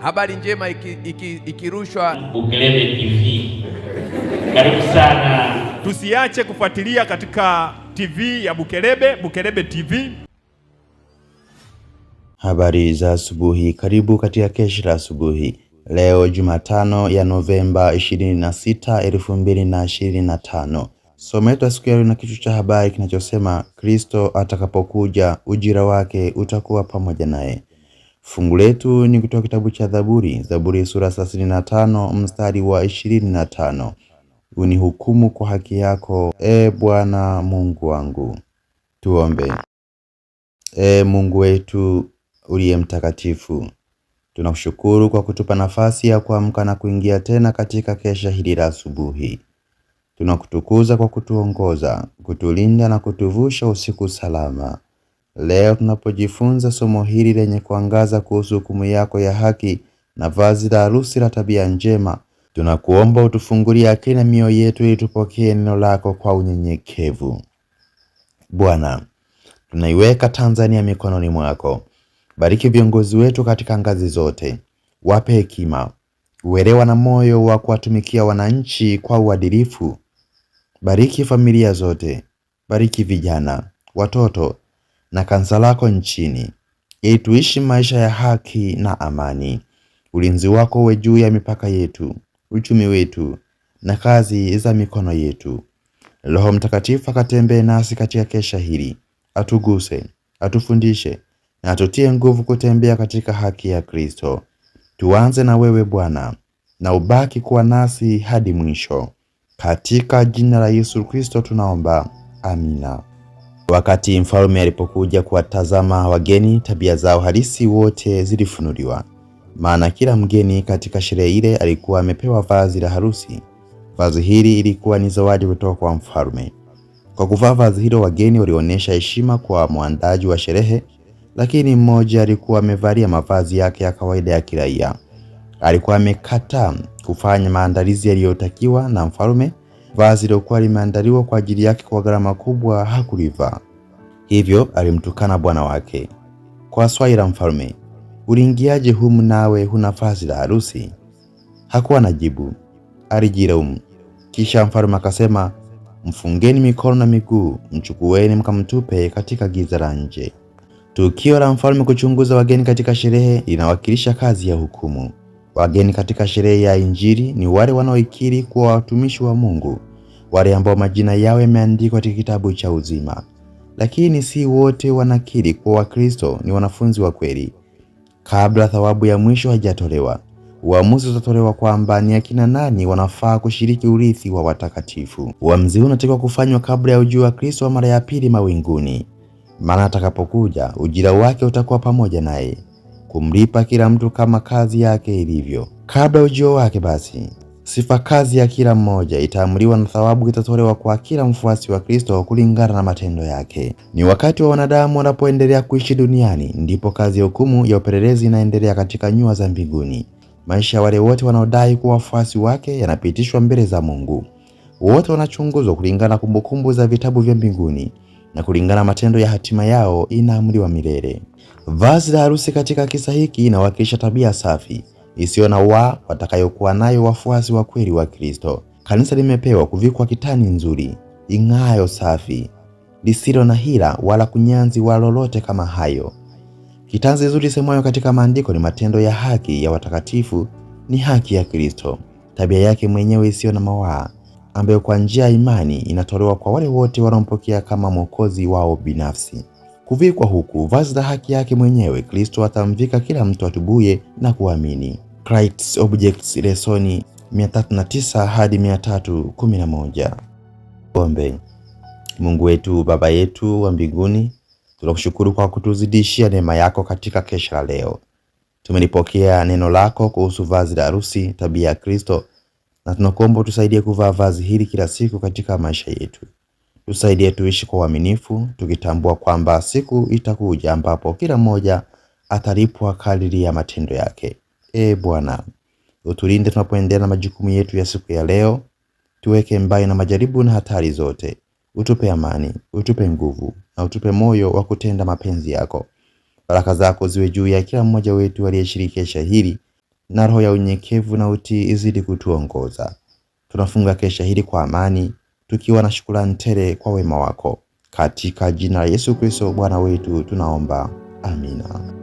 Habari njema ikirushwa iki, iki Bukelebe TV. Karibu sana, tusiache kufuatilia katika TV ya Bukelebe, Bukelebe TV. Habari za asubuhi, karibu katika Kesha la Asubuhi leo Jumatano ya Novemba 26, 2025. Somo letu siku ya leo na kichwa cha habari kinachosema Kristo atakapokuja ujira wake utakuwa pamoja naye. Fungu letu ni kutoka kitabu cha Zaburi, Zaburi sura 35 mstari wa 25. Unihukumu kwa haki yako, e Bwana Mungu wangu. Tuombe. E Mungu wetu uliye mtakatifu, tunakushukuru kwa kutupa nafasi ya kuamka na kuingia tena katika kesha hili la asubuhi. Tunakutukuza kwa kutuongoza, kutulinda na kutuvusha usiku salama. Leo tunapojifunza somo hili lenye kuangaza kuhusu hukumu yako ya haki na vazi la harusi la tabia njema, tunakuomba utufungulie akili na mioyo yetu ili tupokee neno lako kwa unyenyekevu. Bwana, tunaiweka Tanzania mikononi mwako. Bariki viongozi wetu katika ngazi zote, wape hekima, uelewa na moyo wa kuwatumikia wananchi kwa uadilifu. Bariki familia zote, bariki vijana, watoto na kanisa lako nchini, ili tuishi maisha ya haki na amani. Ulinzi wako uwe juu ya mipaka yetu, uchumi wetu na kazi za mikono yetu. Roho Mtakatifu akatembee nasi katika kesha hili, atuguse, atufundishe na atutie nguvu kutembea katika haki ya Kristo. Tuanze na wewe Bwana, na ubaki kuwa nasi hadi mwisho. Katika jina la Yesu Kristo tunaomba, amina. Wakati mfalme alipokuja kuwatazama wageni, tabia zao halisi wote zilifunuliwa, maana kila mgeni katika sherehe ile alikuwa amepewa vazi la harusi. Vazi hili ilikuwa ni zawadi kutoka kwa mfalme. Kwa kuvaa vazi hilo, wageni walionyesha heshima kwa mwandaji wa sherehe, lakini mmoja alikuwa amevalia mavazi yake ya kawaida ya kiraia. Alikuwa amekataa kufanya maandalizi yaliyotakiwa na mfalme vazi lilokuwa limeandaliwa kwa ajili yake kwa gharama kubwa hakulivaa, hivyo alimtukana bwana wake kwa swali la mfalme, uliingiaje humu nawe huna vazi la harusi? Hakuwa na jibu, alijilaumu. Kisha mfalme akasema, mfungeni mikono na miguu, mchukueni mkamtupe katika giza la nje. Tukio la mfalme kuchunguza wageni katika sherehe linawakilisha kazi ya hukumu. Wageni katika sherehe ya Injili ni wale wanaoikiri kuwa watumishi wa Mungu, wale ambao majina yao yameandikwa katika kitabu cha uzima. Lakini si wote wanakiri kuwa Wakristo ni wanafunzi wa kweli. Kabla thawabu ya mwisho haijatolewa, uamuzi utatolewa kwamba ni akina nani wanafaa kushiriki urithi wa watakatifu. Uamuzi huu unatakiwa kufanywa kabla ya ujio wa Kristo wa mara ya pili mawinguni, maana atakapokuja ujira wake utakuwa pamoja naye kumlipa kila mtu kama kazi yake ilivyo. Kabla ujio wake, basi sifa kazi ya kila mmoja itaamuliwa na thawabu itatolewa kwa kila mfuasi wa Kristo kulingana na matendo yake. Ni wakati wa wanadamu wanapoendelea kuishi duniani, ndipo kazi ya hukumu ya upelelezi inaendelea katika nyua za mbinguni. Maisha ya wale wote wanaodai kuwa wafuasi wake yanapitishwa mbele za Mungu. Wote wanachunguzwa kulingana na kumbukumbu za vitabu vya mbinguni, na kulingana matendo ya hatima yao inaamuliwa milele. Vazi la harusi katika kisa hiki inawakilisha tabia safi isiyo na waa watakayokuwa nayo wafuasi wa kweli wa Kristo. Kanisa limepewa kuvikwa kitani nzuri ing'ayo safi, lisilo na hila wala kunyanzi wala lolote kama hayo. Kitanzi nzuri semwayo katika maandiko ni matendo ya haki ya watakatifu, ni haki ya Kristo, tabia yake mwenyewe isiyo na mawaa, ambayo kwa njia ya imani inatolewa kwa wale wote wanaompokea kama mwokozi wao binafsi. Kuvikwa huku vazi la haki yake mwenyewe, Kristo atamvika kila mtu atubuye na kuamini. Christ's Objects lesoni 309 hadi 311. Ombe. Mungu wetu Baba yetu wa mbinguni, tunakushukuru kwa kutuzidishia neema yako katika kesha la leo. Tumelipokea neno lako kuhusu vazi la harusi, tabia ya Kristo, na tunakuomba tusaidie kuvaa vazi hili kila siku katika maisha yetu. Tusaidie tuishi kwa uaminifu, tukitambua kwamba siku itakuja ambapo kila mmoja atalipwa kadiri ya matendo yake. E Bwana, utulinde tunapoendelea na majukumu yetu ya siku ya leo. Tuweke mbali na majaribu na hatari zote. Utupe amani, utupe nguvu na utupe moyo wa kutenda mapenzi yako. Baraka zako ziwe juu ya kila mmoja wetu aliyeshirikisha hili, na roho ya unyenyekevu na utii izidi kutuongoza. Tunafunga kesha hili kwa amani tukiwa na shukrani tele kwa wema wako, katika jina la Yesu Kristo Bwana wetu tunaomba, amina.